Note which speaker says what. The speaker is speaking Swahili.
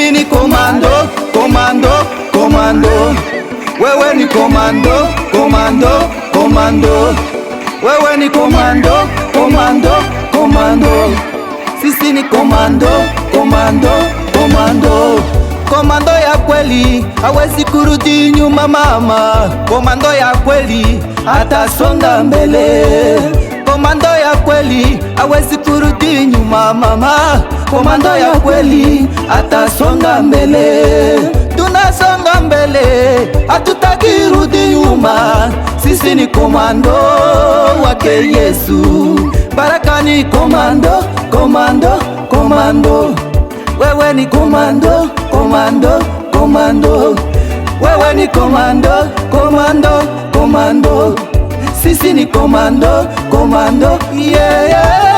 Speaker 1: mimi ni komando, komando, komando, wewe ni komando, komando, komando, wewe ni komando, komando, komando, sisi ni komando, komando, komando, komando ya kweli hawezi kurudi nyuma mama, komando ya kweli atasonga mbele, komando ya kweli hawezi kurudi nyuma mama, komando ya kweli atasonga tunasonga mbele, tunasonga mbele, hatutaki rudi nyuma. Sisi ni komando wake Yesu, baraka ni komando, komando, komando. Wewe ni komando, komando, komando. Wewe ni komando, komando, komando. Sisi ni komando, komando, yeah, yeah.